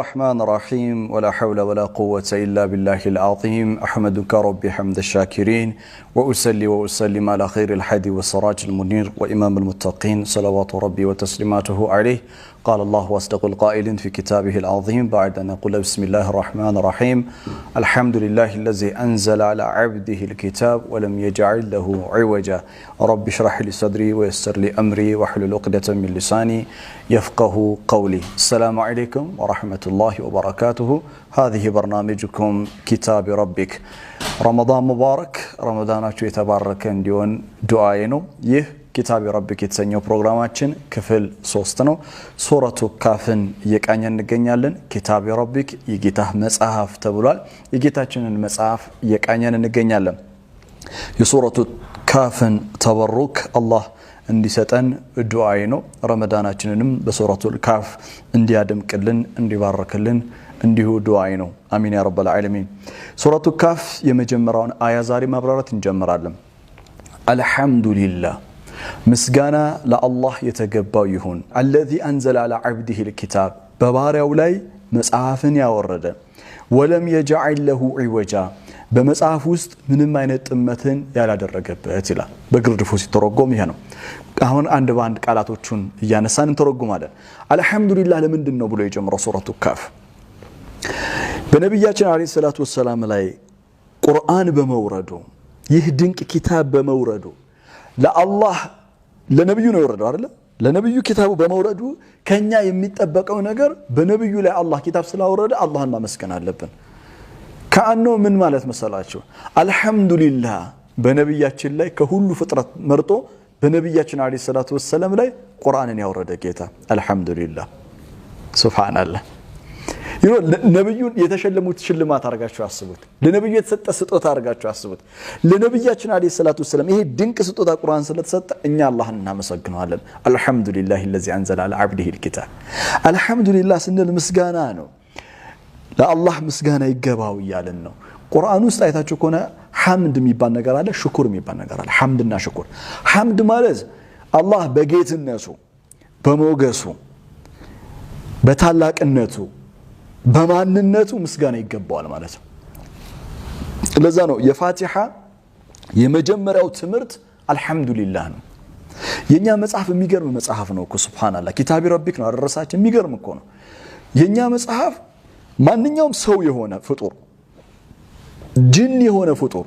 الرحمن الرحيم ولا حول ولا قوة إلا بالله العظيم أحمدك رب حمد الشاكرين وأسلي وأسلم على خير الحدي والسراج المنير وإمام المتقين صلوات ربي وتسليماته عليه قال الله واصدق القائل في كتابه العظيم بعد أن نقول بسم الله الرحمن الرحيم الحمد لله الذي أنزل على عبده الكتاب ولم يجعل له عوجا رب اشرح لي صدري ويسر لي أمري واحلل عقدة من لساني يفقه قولي السلام عليكم ورحمة الله وبركاته هذه برنامجكم كتاب ربك رمضان مبارك رمضانك تباركا ديون دعائنا يه ኪታብ ረቢክ የተሰኘው ፕሮግራማችን ክፍል ሶስት ነው። ሱረቱ ካፍን እየቃኘ እንገኛለን። ኪታብ ረቢክ የጌታ መጽሐፍ ተብሏል። የጌታችንን መጽሐፍ እየቃኘን እንገኛለን። የሱረቱ ካፍን ተበሩክ አላህ እንዲሰጠን ዱዓይ ነው። ረመዳናችንንም በሱረቱ ካፍ እንዲያደምቅልን እንዲባርክልን እንዲሁ ዱዓይ ነው። አሚን ያ ረበል ዓለሚን። ሱረቱ ካፍ የመጀመሪያውን አያ ዛሬ ማብራራት እንጀምራለን። አልሐምዱሊላህ ምስጋና ለአላህ የተገባው ይሁን። አለዚ አንዘለ አላ ዓብዲህ ልኪታብ በባሪያው ላይ መጽሐፍን ያወረደ ወለም የጃዕል ለሁ ዒወጃ በመጽሐፍ ውስጥ ምንም አይነት ጥመትን ያላደረገበት ይላል። በግርድፉ ሲተረጎም ይሄ ነው። አሁን አንድ በአንድ ቃላቶቹን እያነሳን እንተረጉማለን። አልሐምዱሊላህ ለምንድን ነው ብሎ የጀመረው ሱረቱ ካፍ በነቢያችን ዓለይሂ ሰላት ወሰላም ላይ ቁርአን በመውረዱ ይህ ድንቅ ኪታብ በመውረዱ ለአላህ ለነብዩ ነው የወረደው አይደለ? ለነብዩ ኪታቡ በመውረዱ ከኛ የሚጠበቀው ነገር በነብዩ ላይ አላህ ኪታብ ስላወረደ አላህን ማመስገን አለብን። ከአኖ ምን ማለት መሰላችሁ? አልሐምዱሊላህ በነብያችን ላይ ከሁሉ ፍጥረት መርጦ በነብያችን ዓለይሂ ሰላቱ ወሰለም ላይ ቁርአንን ያወረደ ጌታ አልሐምዱሊላህ ሱብሃንአላህ። ነብዩ የተሸለሙት ሽልማት አድርጋችሁ አስቡት። ለነብዩ የተሰጠ ስጦታ አድርጋችሁ አስቡት። ለነብያችን አለይሂ ሰላቱ ወሰለም ይሄ ድንቅ ስጦታ ቁርአን ስለተሰጠ እኛ አላህን እናመሰግነዋለን። አልሐምዱሊላህ ለዚ አንዘላ አላ ልኪታብ። አልሐምዱሊላህ ስንል ምስጋና ነው። ለአላህ ምስጋና ይገባው እያልን ነው። ቁርአን ውስጥ አይታችሁ ከሆነ ሐምድ የሚባል ነገር አለ፣ ሽኩር የሚባል ነገር አለ። ሐምድና ሽኩር። ሐምድ ማለት አላህ በጌትነቱ በሞገሱ በታላቅነቱ በማንነቱ ምስጋና ይገባዋል ማለት ነው። ለዛ ነው የፋቲሓ የመጀመሪያው ትምህርት አልሐምዱሊላህ ነው። የኛ መጽሐፍ የሚገርም መጽሐፍ ነው እኮ ሱብሃንአላህ። ኪታቢ ረቢክ ነው አደረሳችን። የሚገርም እኮ ነው የኛ መጽሐፍ። ማንኛውም ሰው የሆነ ፍጡር ጅን የሆነ ፍጡር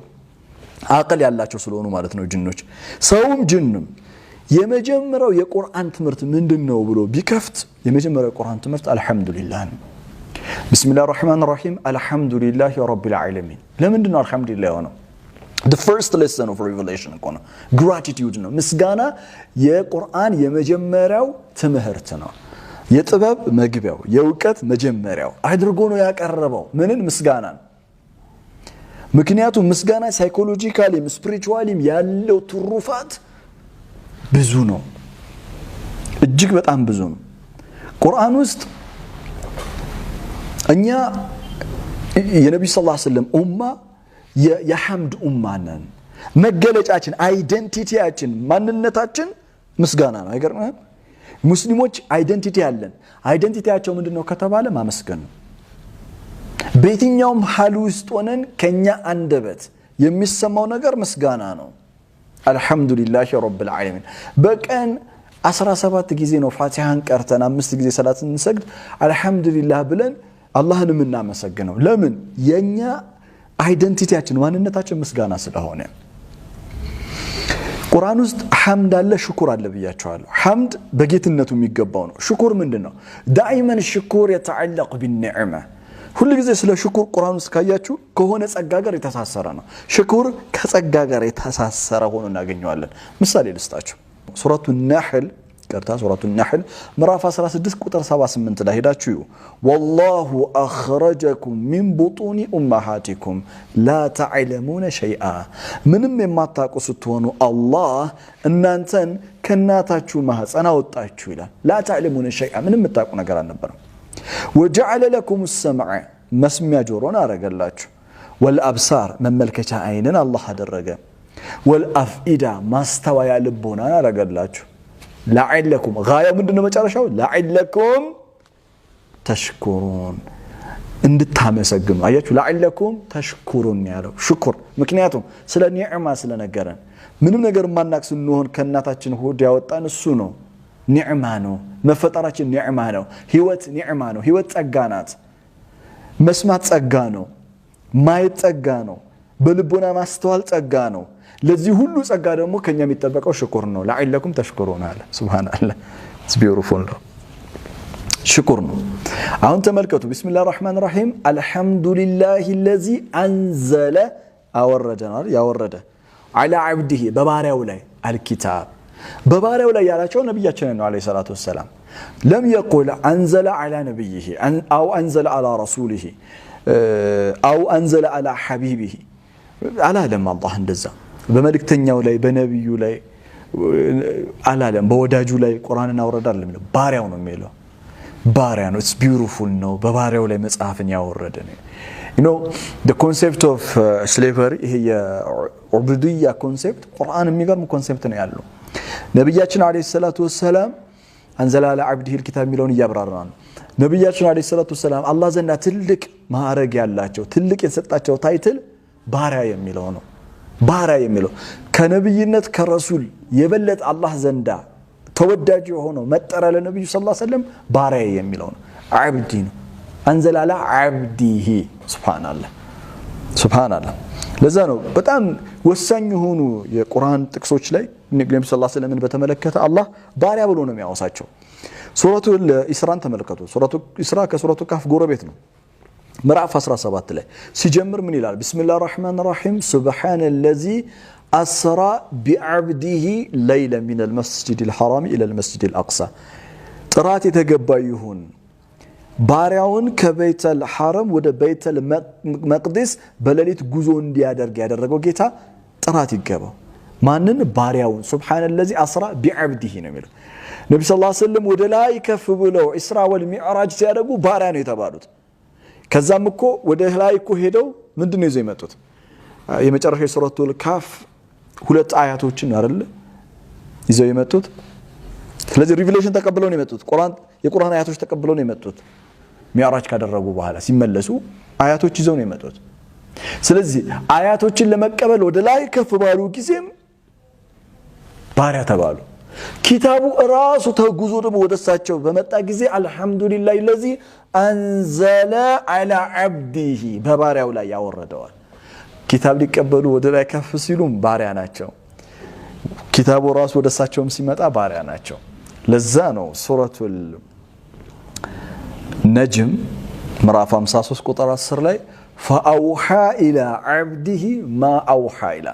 አቅል ያላቸው ስለሆኑ ማለት ነው ጅኖች፣ ሰውም ጅንም የመጀመሪያው የቁርአን ትምህርት ምንድን ነው ብሎ ቢከፍት የመጀመሪያው የቁርአን ትምህርት አልሐምዱሊላህ ነው። ቢስሚላህ ራህማን ራሂም አልሐምዱሊላህ ረቢል ዓለሚን። ለምንድን ነው አልሐምዱሊላ የሆነው? ፈርስት ሌሰን ኦፍ ሪቨሌሽን እኮ ነው፣ ግራቲቲዩድ ነው። ምስጋና የቁርአን የመጀመሪያው ትምህርት ነው። የጥበብ መግቢያው፣ የእውቀት መጀመሪያው አድርጎ ነው ያቀረበው ምንን? ምስጋናን። ምክንያቱም ምስጋና ሳይኮሎጂካሊም ስፒሪቹዋሊም ያለው ትሩፋት ብዙ ነው፣ እጅግ በጣም ብዙ ነው ቁርአን ውስጥ እኛ የነቢዩ ስ ስለም ኡማ የሐምድ ኡማ ነን። መገለጫችን፣ አይደንቲቲያችን፣ ማንነታችን ምስጋና ነው። አይገርም? ሙስሊሞች አይደንቲቲ አለን። አይደንቲቲያቸው ምንድን ነው ከተባለ ማመስገን ነው። በየትኛውም ሀል ውስጥ ሆነን ከእኛ አንደበት የሚሰማው ነገር ምስጋና ነው። አልሐምዱሊላህ ረብል ዓለሚን በቀን 17 ጊዜ ነው ፋቲሃን ቀርተን አምስት ጊዜ ሰላት እንሰግድ አልሐምዱሊላህ ብለን አላህን የምናመሰግነው ለምን? የእኛ አይደንቲቲያችን ማንነታችን ምስጋና ስለሆነ ቁርአን ውስጥ ሐምድ አለ፣ ሽኩር አለ ብያቸዋለሁ። ሐምድ በጌትነቱ የሚገባው ነው። ሽኩር ምንድን ነው? ዳይመን ሽኩር የተዓለቅ ቢኒዕመ ሁሉ ጊዜ ስለ ሽኩር ቁርአን ውስጥ ካያችሁ ከሆነ ጸጋ ጋር የተሳሰረ ነው። ሽኩር ከጸጋ ጋር የተሳሰረ ሆኖ እናገኘዋለን። ምሳሌ ልስጣችሁ። ሱረቱ ነሕል ይቅርታ ሱረቱ ናሕል ምዕራፍ 16 ቁጥር 78 ላይ ሄዳችሁ እዩ። ወላሁ አኽረጀኩም ሚን ቡጡኒ ኡመሃቲኩም ላ ተዕለሙነ ሸይአ፣ ምንም የማታውቁ ስትሆኑ አላህ እናንተን ከእናታችሁ ማህፀን አወጣችሁ ይላል። ላ ተዕለሙነ ሸይአ፣ ምንም የምታውቁ ነገር አልነበረም። ወጀዐለ ለኩም ሰምዐ፣ መስሚያ ጆሮን አረገላችሁ። ወልአብሳር፣ መመልከቻ አይንን አላህ አደረገ። ወልአፍኢዳ፣ ማስተዋያ ልቦናን አረገላችሁ ላዓለኩም ጋያው ምንድን ነው? መጨረሻው ላዓለኩም ተሽኩሩን እንድታመሰግኑ። አያችሁ፣ ላዓለኩም ተሽኩሩን ያለው ሽኩር። ምክንያቱም ስለ ኒዕማ ስለነገረን ምንም ነገር ማናቅ ስንሆን ከእናታችን ሆድ ያወጣን እሱ ነው። ኒዕማ ነው መፈጠራችን፣ ኒዕማ ነው ህይወት፣ ኒዕማ ነው ህይወት። ጸጋ ናት። መስማት ጸጋ ነው። ማየት ጸጋ ነው። በልቦና ማስተዋል ጸጋ ነው። ለዚህ ሁሉ ጸጋ ደግሞ ከኛ የሚጠበቀው ሽኩር ነው። ለዓለኩም ተሽኩሩን አለ። ሱብሃንአላህ ቢዩቲፉል ነው። ሽኩር ነው። አሁን ተመልከቱ። ቢስሚላህ ራህማን ራሂም አልሐምዱሊላህ ለዚ አንዘለ አወረደ ነው ያወረደ አላ አብዲሂ በባሪያው ላይ አልኪታብ በባሪያው ላይ ያላቸው ነቢያችንን ነው አለይሂ ሰላቱ ወሰላም። ለም የቁል አንዘለ አላ ነቢይሂ አው አንዘለ አላ ረሱሊሂ አው አንዘለ አላ ሐቢቢሂ አላለም። አላህ እንደዛ በመልእክተኛው ላይ በነቢዩ ላይ አላለም። በወዳጁ ላይ ቁርአንን አውረድ አለም ባሪያው ነው የሚለው ባሪያ ነው። ኢትስ ቢዩቲፉል ነው። በባሪያው ላይ መጽሐፍን ያወረደ ነው። ኮንሴፕት ኦፍ ስሌቨሪ ይሄ የዑቡድያ ኮንሴፕት ቁርአን የሚገርም ኮንሴፕት ነው ያለው። ነቢያችን ዓለይሂ ሰላቱ ወሰላም አንዘላለ አብዲህ ልኪታብ የሚለውን እያብራራ ነው። ነቢያችን ዓለይሂ ሰላቱ ወሰላም አላህ ዘንዳ ትልቅ ማዕረግ ያላቸው ትልቅ የተሰጣቸው ታይትል ባሪያ የሚለው ነው። ባሪያ የሚለው ከነብይነት ከረሱል የበለጠ አላህ ዘንዳ ተወዳጅ የሆነው መጠሪያ ለነቢዩ ዐለይሂ ወሰለም ባሪያ የሚለው ነው። አብዲ ነው። አንዘላላ አብዲሂ ስብናላህ ስብናላህ። ለዛ ነው በጣም ወሳኝ የሆኑ የቁርአን ጥቅሶች ላይ ሰለላሁ ዐለይሂ ወሰለምን በተመለከተ አላህ ባሪያ ብሎ ነው የሚያወሳቸው። ሱረቱ ኢስራን ተመልከቱ። ሱረቱ ኢስራ ከሱረቱ ካፍ ጎረቤት ነው። ምዕራፍ 17 ላይ ሲጀምር ምን ይላል? ብስሚላህ ራህማን ራሒም ሱብሓነ ለዚ አስራ ቢዓብዲሂ ለይለ ሚን ልመስጅድ ልሐራሚ ኢለ ልመስጅድ ልአቅሳ ጥራት የተገባ ይሁን ባሪያውን ከበይተል ሐረም ወደ በይተል መቅዲስ በሌሊት ጉዞ እንዲያደርግ ያደረገው ጌታ ጥራት ይገባው። ማንን? ባሪያውን። ሱብሓነ ለዚ አስራ ቢዓብዲሂ ነው የሚለው ነቢ ስ ስለም ወደ ላይ ከፍ ብለው ኢስራ ወል ሲያደርጉ ባሪያ ነው የተባሉት። ከዛም እኮ ወደ ላይ እኮ ሄደው ምንድን ነው ይዘው የመጡት? የመጨረሻ የሱረቱል ልካፍ ሁለት አያቶችን አይደል ይዘው የመጡት። ስለዚህ ሪቪሌሽን ተቀብለው ነው የመጡት። የቁርአን አያቶች ተቀብለው ነው የመጡት። ሚዕራጅ ካደረጉ በኋላ ሲመለሱ አያቶች ይዘው ነው የመጡት። ስለዚህ አያቶችን ለመቀበል ወደ ላይ ከፍ ባሉ ጊዜም ባሪያ ተባሉ። ኪታቡ ራሱ ተጉዞ ደግሞ ወደ እሳቸው በመጣ ጊዜ አልሐምዱሊላህ ለዚህ አንዘለ አላ ዓብዲሂ በባሪያው ላይ ያወረደዋል። ኪታብ ሊቀበሉ ወደ ላይ ከፍ ሲሉም ባሪያ ናቸው። ኪታቡ ራሱ ወደ እሳቸውም ሲመጣ ባሪያ ናቸው። ለዛ ነው ሱረቱል ነጅም ምራፍ 53 ቁጥር 10 ላይ ፈአውሓ ኢላ ዓብዲሂ ማ አውሓ ኢላ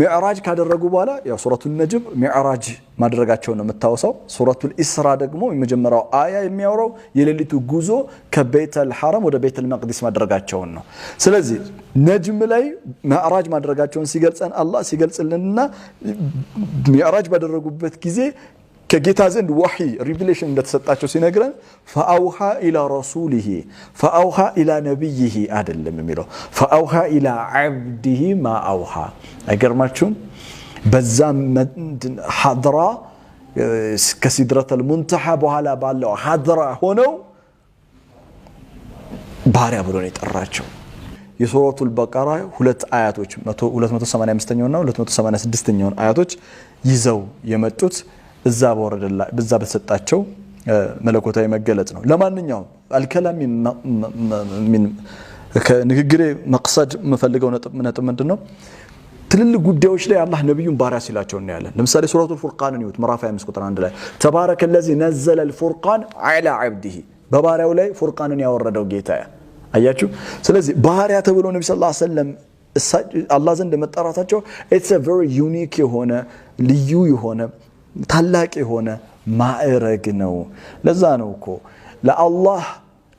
ሚዕራጅ ካደረጉ በኋላ ያው ሱረቱን ነጅም ሚዕራጅ ማድረጋቸው ነው የምታወሳው። ሱረቱል ኢስራ ደግሞ የመጀመሪያው አያ የሚያወራው የሌሊቱ ጉዞ ከቤተል ሐረም ወደ ቤተል መቅዲስ ማድረጋቸውን ነው። ስለዚህ ነጅም ላይ ሚዕራጅ ማድረጋቸውን ሲገልጸን አላህ ሲገልጽልንና ሚዕራጅ ባደረጉበት ጊዜ ከጌታ ዘንድ ወሒ ሪቪሌሽን እንደተሰጣቸው ሲነግረን ፈአውሃ ኢላ ረሱሊሂ ፈአውሃ ኢላ ነቢይሂ አይደለም የሚለው ፈአውሃ ኢላ ዓብድሂ ማ አውሃ። አይገርማችሁም? በዛ ሀድራ ከሲድረተል ሙንተሓ በኋላ ባለው ሀድራ ሆነው ባሪያ ብሎ ነው የጠራቸው። የሱረቱል በቀራ ሁለት አያቶች 285ኛውና 286ኛውን አያቶች ይዘው የመጡት እዛ በዛ በተሰጣቸው መለኮታዊ መገለጽ ነው። ለማንኛውም ሚን ከንግግሬ መቅሰድ የምፈልገው ነጥብ ምንድን ነው? ትልልቅ ጉዳዮች ላይ አላህ ነቢዩን ባሪያ ሲላቸው እናያለን። ለምሳሌ ሱረቱል ፉርቃንን ይሁት ምዕራፍ 25 ቁጥር 1 ላይ ተባረከ ለዚ ነዘለ ልፉርቃን አላ ዓብዲሂ በባሪያው ላይ ፉርቃንን ያወረደው ጌታ አያችሁ። ስለዚህ ባሪያ ተብሎ ነቢ ስ ሰለም አላህ ዘንድ መጠራታቸው ኢትስ ቨሪ ዩኒክ የሆነ ልዩ የሆነ ታላቅ የሆነ ማዕረግ ነው። ለዛ ነው እኮ ለአላህ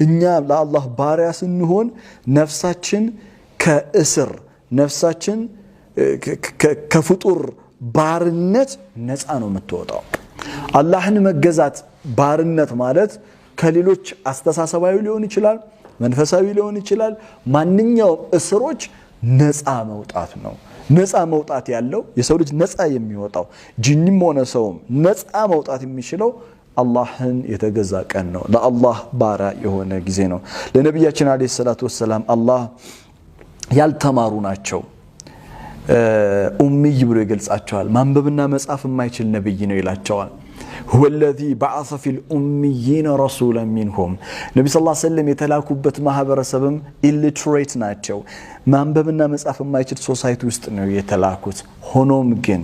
እኛ ለአላህ ባሪያ ስንሆን ነፍሳችን ከእስር ነፍሳችን ከፍጡር ባርነት ነፃ ነው የምትወጣው። አላህን መገዛት ባርነት ማለት ከሌሎች አስተሳሰባዊ ሊሆን ይችላል፣ መንፈሳዊ ሊሆን ይችላል። ማንኛውም እስሮች ነፃ መውጣት ነው። ነፃ መውጣት ያለው የሰው ልጅ ነፃ የሚወጣው ጅኒም ሆነ ሰውም ነፃ መውጣት የሚችለው አላህን የተገዛ ቀን ነው። ለአላህ ባራ የሆነ ጊዜ ነው። ለነቢያችን አለ ሰላቱ ወሰላም አላህ ያልተማሩ ናቸው ኡሚይ ብሎ ይገልጻቸዋል። ማንበብና መጻፍ የማይችል ነብይ ነው ይላቸዋል። ሁወ ለዚ በዓሰ ፊል ኡሚይነ ረሱላ ሚንሁም ነቢ ስ ሰለም የተላኩበት ማህበረሰብም ኢሊትሬት ናቸው። ማንበብና መጻፍ የማይችል ሶሳይቲ ውስጥ ነው የተላኩት። ሆኖም ግን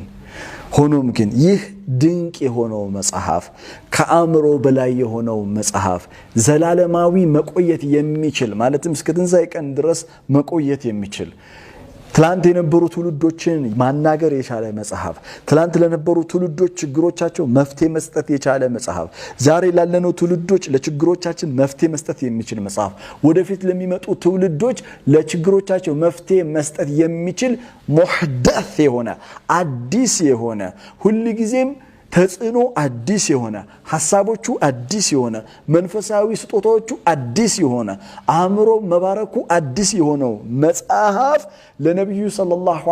ሆኖም ግን ይህ ድንቅ የሆነው መጽሐፍ ከአእምሮ በላይ የሆነው መጽሐፍ ዘላለማዊ መቆየት የሚችል ማለትም እስከ ትንሣኤ ቀን ድረስ መቆየት የሚችል ትላንት የነበሩ ትውልዶችን ማናገር የቻለ መጽሐፍ፣ ትላንት ለነበሩ ትውልዶች ችግሮቻቸው መፍትሄ መስጠት የቻለ መጽሐፍ፣ ዛሬ ላለነው ትውልዶች ለችግሮቻችን መፍትሄ መስጠት የሚችል መጽሐፍ፣ ወደፊት ለሚመጡ ትውልዶች ለችግሮቻቸው መፍትሄ መስጠት የሚችል ሞሕደፍ የሆነ አዲስ የሆነ ሁልጊዜም ተጽዕኖ አዲስ የሆነ ሀሳቦቹ አዲስ የሆነ መንፈሳዊ ስጦታዎቹ አዲስ የሆነ አእምሮ መባረኩ አዲስ የሆነው መጽሐፍ ለነቢዩ ሰለላሁ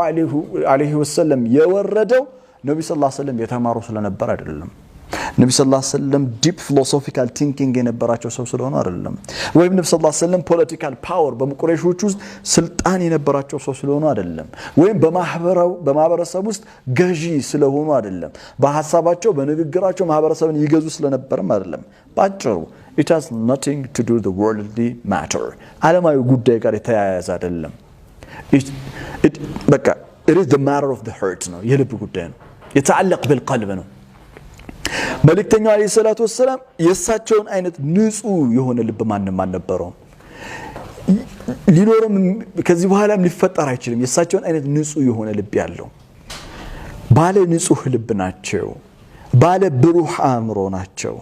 ዐለይሂ ወሰለም የወረደው ነቢዩ ሰለላሁ ዐለይሂ ወሰለም የተማሩ ስለነበር አይደለም። ነቢ ስ ሰለም ዲፕ ፊሎሶፊካል ቲንኪንግ የነበራቸው ሰው ስለሆኑ አይደለም። ወይም ነቢ ስ ሰለም ፖለቲካል ፓወር በቁረይሾች ውስጥ ስልጣን የነበራቸው ሰው ስለሆኑ አይደለም። ወይም በማህበረሰብ ውስጥ ገዢ ስለሆኑ አይደለም። በሀሳባቸው በንግግራቸው ማህበረሰብን ይገዙ ስለነበርም አይደለም። በአጭሩ ኢት ሃዝ ኖቲንግ ቱ ዱ ወርልድሊ ማተር ጉዳይ ጋር የተያያዘ አይደለም። በቃ ኢት ኢዝ ዘ ማተር ኦፍ ዘ ነው፣ የልብ ጉዳይ ነው። የተዓለቅ ብልቀልብ ነው መልእክተኛው አለ ሰላቱ ወሰላም የእሳቸውን አይነት ንጹህ የሆነ ልብ ማንም አልነበረውም። ሊኖርም ከዚህ በኋላም ሊፈጠር አይችልም። የእሳቸውን አይነት ንጹህ የሆነ ልብ ያለው ባለ ንጹህ ልብ ናቸው። ባለ ብሩህ አእምሮ ናቸው።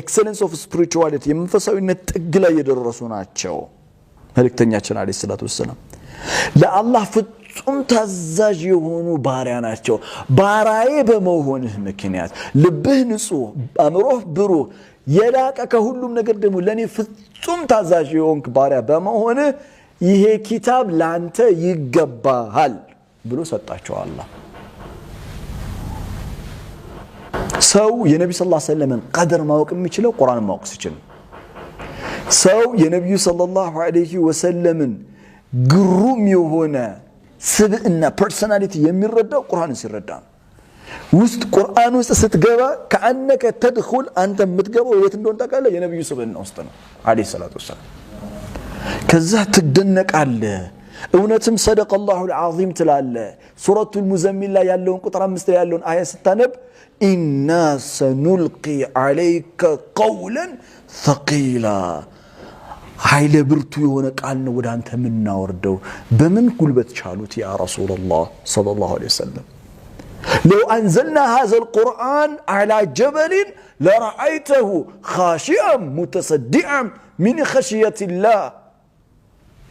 ኤክሰለንስ ኦፍ ስፕሪቹዋሊቲ የመንፈሳዊነት ጥግ ላይ የደረሱ ናቸው። መልእክተኛችን አለ ሰላቱ ወሰላም ለአላህ ፍጹም ታዛዥ የሆኑ ባሪያ ናቸው። ባራዬ በመሆንህ ምክንያት ልብህ ንጹ አእምሮህ ብሩህ፣ የላቀ ከሁሉም ነገር ደግሞ ለእኔ ፍጹም ታዛዥ የሆንክ ባሪያ በመሆንህ ይሄ ኪታብ ለአንተ ይገባሃል ብሎ ሰጣቸው አላ ሰው የነቢ ስ ሰለምን ቀደር ማወቅ የሚችለው ቁርአን ማወቅ ሲችል ሰው የነቢዩ ሰለላሁ ዐለይሂ ወሰለምን ግሩም የሆነ ስብእና ፐርሶናሊቲ የሚረዳው ቁርን ሲረዳ ነው። ውስጥ ቁርአን ውስጥ ስትገባ ከአነከ ተድኩል አንተ የምትገባው የት እንደሆን ታውቃለህ? የነቢዩ ስብእና ውስጥ ነው ዓለይሂ ሰላቱ ወሰላም። ከዛ ትደነቃለህ። እውነትም ሰደቀ ላሁ ልዓዚም ትላለ። ሱረቱል ሙዘሚን ላይ ያለውን ቁጥር አምስት ላይ ያለውን አያ ስታነብ ኢና ሰኑልቂ ዓለይከ ቀውለን ተቂላ هايلة برتو يونك عنا ودان تمنا وردو بمن كل بتشالوت يا رسول الله صلى الله عليه وسلم لو أنزلنا هذا القرآن على جبل لرأيته خاشعا متصدعا من خشية الله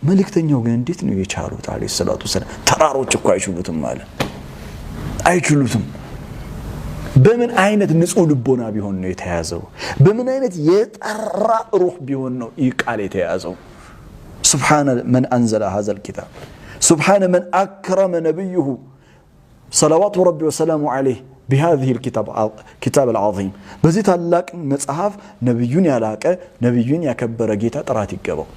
ملك تنيو قلن ديتنو يشالوت عليه الصلاة والسلام ترارو تكو عيشلوتم مالا عيشلوتم በምን አይነት ንጹህ ልቦና ቢሆን ነው የተያዘው? በምን አይነት የጠራ ሩህ ቢሆን ነው ይህ ቃል የተያዘው? ሱብሓነ መን አንዘለ ሀዘል ኪታብ ሱብሓነ መን አክረመ ነቢይሁ ሰለዋቱ ረቢ ወሰላሙ ዓለይህ بهذه الكتاب كتاب በዚህ ታላቅ መጽሐፍ ነብዩን ያላቀ ነብዩን ያከበረ ጌታ ጥራት ይገባው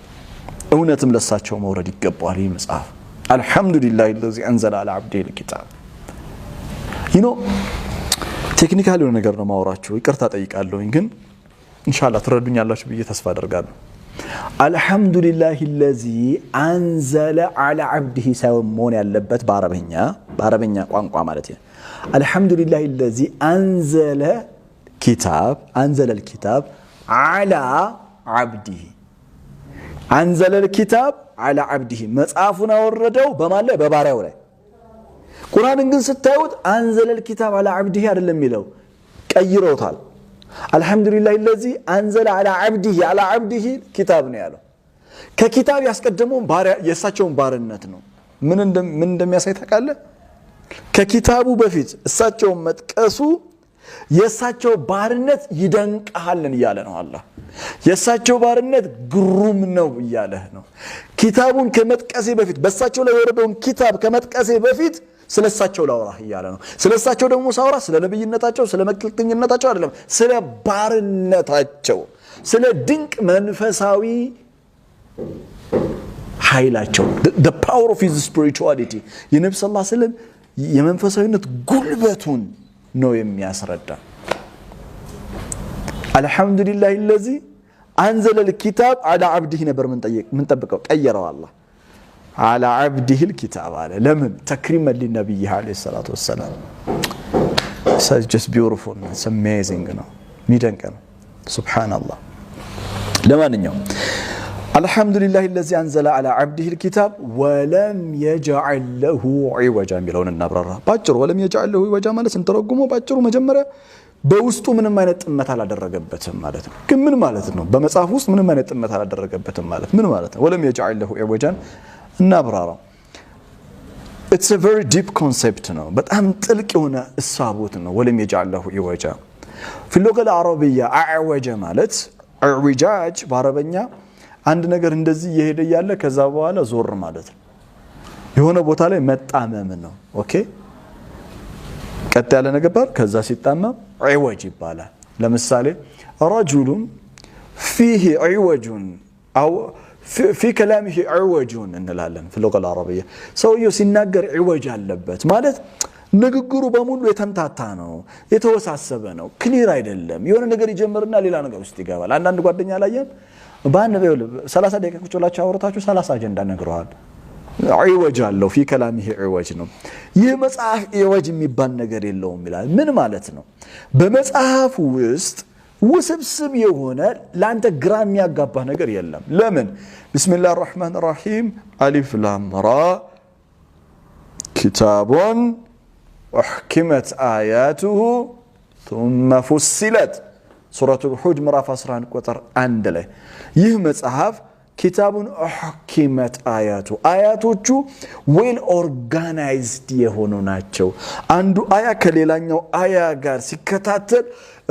እውነትም ለሳቸው መውረድ ይገባዋል ይህ መጽሐፍ አልሐምዱሊላህ الذي انزل على عبده الكتاب you ቴክኒካል የሆነ ነገር ነው ማወራችሁ፣ ይቅርታ ጠይቃለሁኝ። ግን እንሻላ ትረዱኛላችሁ ብዬ ተስፋ አደርጋለሁ። አልሐምዱሊላህ ለዚ አንዘለ አላ ዓብድህ ሳይሆን መሆን ያለበት በአረበኛ ቋንቋ ማለት ነው። አልሐምዱሊላህ ለዚ አንዘለ ኪታብ አንዘለ ልኪታብ አላ ዓብድህ አንዘለ ልኪታብ አላ ዓብድህ መጽሐፉን አወረደው በማን ላይ? በባሪያው ላይ ቁርአንን ግን ስታዩት አንዘለል ኪታብ አላ አብድህ አይደለም የሚለው ቀይረውታል። አልሐምዱሊላህ ለዚህ አንዘለ አላ አብድህ አላ አብድህ ኪታብ ነው ያለው። ከኪታብ ያስቀደመውን የእሳቸውን ባርነት ነው። ምን እንደሚያሳይ ታቃለ ከኪታቡ በፊት እሳቸውን መጥቀሱ የእሳቸው ባርነት ይደንቀሃልን እያለ ነው አላህ። የእሳቸው ባርነት ግሩም ነው እያለህ ነው። ኪታቡን ከመጥቀሴ በፊት በእሳቸው ላይ የወረደውን ኪታብ ከመጥቀሴ በፊት ስለሳቸው ላውራ ላውራህ እያለ ነው። ስለሳቸው ደግሞ ሳውራ ስለ ነብይነታቸው፣ ስለ መልእክተኝነታቸው አይደለም፣ ስለ ባርነታቸው፣ ስለ ድንቅ መንፈሳዊ ኃይላቸው ፓወር spirituality ስፒሪቹዋሊቲ ሰለላሁ ዐለይሂ ወሰለም የመንፈሳዊነት ጉልበቱን ነው የሚያስረዳ። አልሐምዱሊላህ ለዚ አንዘለል ኪታብ አላ አብድህ ነበር ምንጠብቀው ቀየረው አላህ አላ አብዲህ ልኪታብ አለ። ለምን ተክሪመን ሊነቢይህ አለ ሰላት ወሰላም ስ ቢውርፉል አሜዚንግ ነው፣ የሚደንቅ ነው። ሱብሓነላህ። ለማንኛውም አልሐምዱሊላህ ለዚ አንዘላ አላ አብዲህ ልኪታብ ወለም የጅዐል ለሁ ዒወጃ የሚለውን እናብራራ ባጭሩ። ወለም የጅዐል ለሁ ዒወጃ ማለት ስንተረጉሞ ባጭሩ መጀመሪያ በውስጡ ምንም አይነት ጥመት አላደረገበትም ማለት ነው። ግን ምን ማለት ነው? በመጽሐፍ ውስጥ ምንም አይነት ጥመት አላደረገበትም ማለት ምን ማለት ነው? ወለም የጅዐል ለሁ ዒወጃን እናብራራው። ኢትስ ቨሪ ዲፕ ኮንሴፕት ነው። በጣም ጥልቅ የሆነ እሳቦት ነው። ወለም የጃለሁ ይወጃ ፊሎገል አረብያ አዕወጀ ማለት ዕዊጃጅ በአረበኛ አንድ ነገር እንደዚህ እየሄደ እያለ ከዛ በኋላ ዞር ማለት ነው። የሆነ ቦታ ላይ መጣመም ነው። ኦኬ ቀጥ ያለ ነገር ከዛ ሲጣመም ዕወጅ ይባላል። ለምሳሌ ረጁሉን ፊህ ዕወጁን አው ፊ ከላሚሂ ዕወጁን እንላለን ፍሉቅ አልዓረብያ። ሰውየው ሲናገር ዕወጅ አለበት ማለት ንግግሩ በሙሉ የተምታታ ነው፣ የተወሳሰበ ነው፣ ክሊር አይደለም። የሆነ ነገር ይጀምርና ሌላ ነገር ውስጥ ይገባል። አንዳንድ ጓደኛ ላየም በአንድ 30 ደቂቃ ቁጭ ብላችሁ አውርታችሁ ሰላሳ አጀንዳ ነግረዋል። ዒወጅ አለው ፊ ከላሚሂ ዒወጅ ነው። ይህ መጽሐፍ ዒወጅ የሚባል ነገር የለውም ይላል። ምን ማለት ነው? በመጽሐፍ ውስጥ ውስብስብ የሆነ ለአንተ ግራ የሚያጋባህ ነገር የለም። ለምን? ብስሚላህ ራህማን ራሂም አሊፍ ላምራ ኪታቡን ኡሕኪመት አያቱሁ ቱመ ፉሲለት ሱረቱ ሁድ ምዕራፍ 11 ቁጥር አንድ ላይ ይህ መጽሐፍ ኪታቡን ሑኪመት አያቱ አያቶቹ ዌል ኦርጋናይዝድ የሆኑ ናቸው። አንዱ አያ ከሌላኛው አያ ጋር ሲከታተል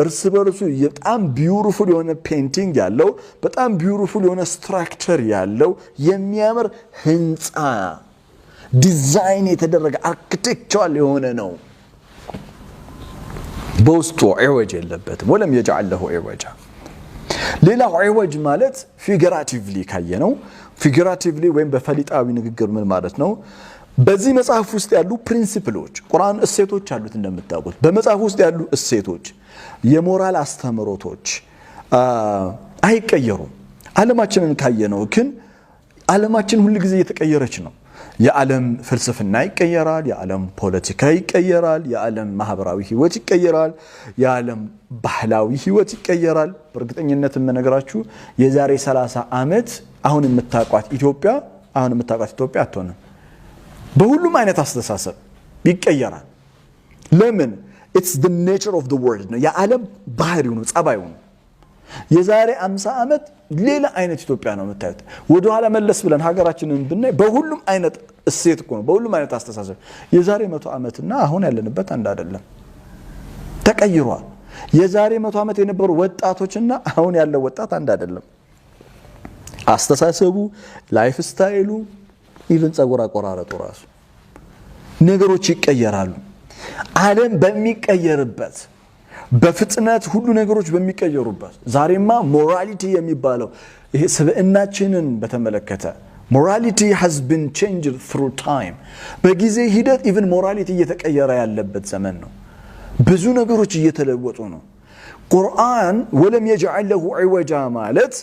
እርስ በርሱ በጣም ቢዩርፉል የሆነ ፔንቲንግ ያለው በጣም ቢዩርፉል የሆነ ስትራክቸር ያለው የሚያምር ህንፃ ዲዛይን የተደረገ አርክቴክቸራል የሆነ ነው። በውስጡ ዕወጅ የለበትም። ወለም የጅዐል ዕወጃ ሌላው ዒወጅ ማለት ፊግራቲቭሊ ካየ ነው። ፊግራቲቭሊ ወይም በፈሊጣዊ ንግግር ምን ማለት ነው? በዚህ መጽሐፍ ውስጥ ያሉ ፕሪንሲፕሎች ቁርአን እሴቶች አሉት እንደምታውቁት። በመጽሐፍ ውስጥ ያሉ እሴቶች፣ የሞራል አስተምሮቶች አይቀየሩም። ዓለማችንን ካየ ነው ግን ዓለማችን ሁል ጊዜ እየተቀየረች ነው። የዓለም ፍልስፍና ይቀየራል። የዓለም ፖለቲካ ይቀየራል። የዓለም ማህበራዊ ህይወት ይቀየራል። የዓለም ባህላዊ ህይወት ይቀየራል። በእርግጠኝነት የምነግራችሁ የዛሬ 30 ዓመት አሁን የምታቋት ኢትዮጵያ አሁን የምታቋት ኢትዮጵያ አትሆንም። በሁሉም አይነት አስተሳሰብ ይቀየራል። ለምን? ኢትስ ኔቸር ኦፍ ወርልድ ነው። የዓለም ባህሪው ነው፣ ጸባዩ ነው። የዛሬ አምሳ ዓመት ሌላ አይነት ኢትዮጵያ ነው የምታዩት። ወደኋላ መለስ ብለን ሀገራችንን ብናይ በሁሉም አይነት እሴት እኮ ነው፣ በሁሉም አይነት አስተሳሰብ የዛሬ መቶ ዓመትና አሁን ያለንበት አንድ አይደለም፣ ተቀይሯል። የዛሬ መቶ ዓመት የነበሩ ወጣቶችና አሁን ያለው ወጣት አንድ አይደለም። አስተሳሰቡ፣ ላይፍ ስታይሉ፣ ኢቭን ጸጉር አቆራረጡ ራሱ ነገሮች ይቀየራሉ። ዓለም በሚቀየርበት በፍጥነት ሁሉ ነገሮች በሚቀየሩበት ዛሬማ ሞራሊቲ የሚባለው ይሄ ስብዕናችንን በተመለከተ ሞራሊቲ ሃዝ ቢን ቼንጅድ ትሩ ታይም በጊዜ ሂደት ኢቨን ሞራሊቲ እየተቀየረ ያለበት ዘመን ነው። ብዙ ነገሮች እየተለወጡ ነው። ቁርአን ወለም የጅዐል ለሁ ዒወጃ ማለት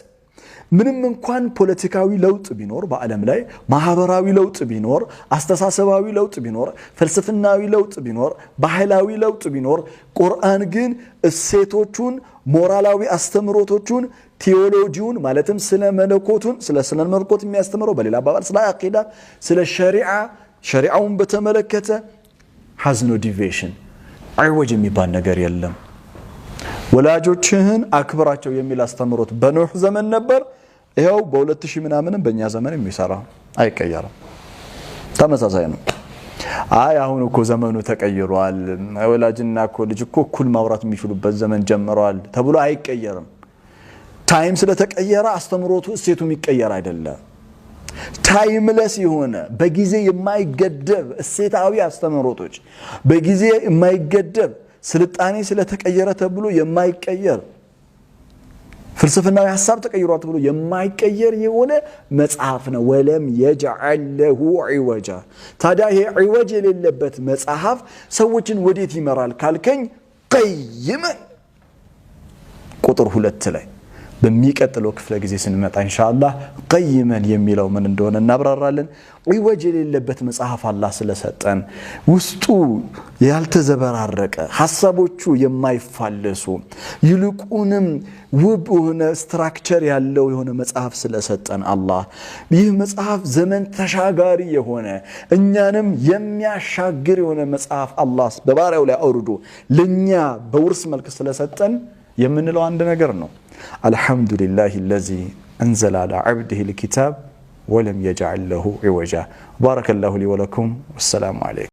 ምንም እንኳን ፖለቲካዊ ለውጥ ቢኖር በዓለም ላይ ማህበራዊ ለውጥ ቢኖር አስተሳሰባዊ ለውጥ ቢኖር ፍልስፍናዊ ለውጥ ቢኖር ባህላዊ ለውጥ ቢኖር ቁርአን ግን እሴቶቹን ሞራላዊ አስተምሮቶቹን ቴዎሎጂውን ማለትም ስለ መለኮቱን ስለ ስነ መለኮት የሚያስተምረው በሌላ አባባል ስለ አቂዳ ስለ ሸሪዓ ሸሪዓውን በተመለከተ ሀዝኖ ዲቬሽን አይወጅ የሚባል ነገር የለም ወላጆችህን አክብራቸው የሚል አስተምሮት በኖህ ዘመን ነበር። ይኸው በ2000 ምናምንም በእኛ ዘመን የሚሰራ አይቀየርም። ተመሳሳይ ነው። አይ አሁን እኮ ዘመኑ ተቀይሯል፣ ወላጅና እኮ ልጅ እኮ እኩል ማውራት የሚችሉበት ዘመን ጀምረዋል ተብሎ አይቀየርም። ታይም ስለተቀየረ አስተምሮቱ እሴቱ የሚቀየር አይደለም። ታይምለስ የሆነ በጊዜ የማይገደብ እሴታዊ አስተምሮቶች በጊዜ የማይገደብ ስልጣኔ ስለተቀየረ ተብሎ የማይቀየር ፍልስፍናዊ ሀሳብ ተቀይሯ ተብሎ የማይቀየር የሆነ መጽሐፍ ነው። ወለም የጅዐል ለሁ ዒወጃ። ታዲያ ይሄ ዒወጅ የሌለበት መጽሐፍ ሰዎችን ወዴት ይመራል ካልከኝ፣ ቀይምን ቁጥር ሁለት ላይ በሚቀጥለው ክፍለ ጊዜ ስንመጣ ኢንሻአላህ ቀይመን የሚለው ምን እንደሆነ እናብራራለን። ወጅ የሌለበት መጽሐፍ አላህ ስለሰጠን ውስጡ ያልተዘበራረቀ ሀሳቦቹ የማይፋለሱ ይልቁንም ውብ የሆነ ስትራክቸር ያለው የሆነ መጽሐፍ ስለሰጠን አላህ ይህ መጽሐፍ ዘመን ተሻጋሪ የሆነ እኛንም የሚያሻግር የሆነ መጽሐፍ አላህ በባሪያው ላይ አውርዶ ለእኛ በውርስ መልክ ስለሰጠን የምንለው አንድ ነገር ነው። الحمد لله الذي أنزل على عبده الكتاب ولم يجعل له عوجا بارك الله لي ولكم والسلام عليكم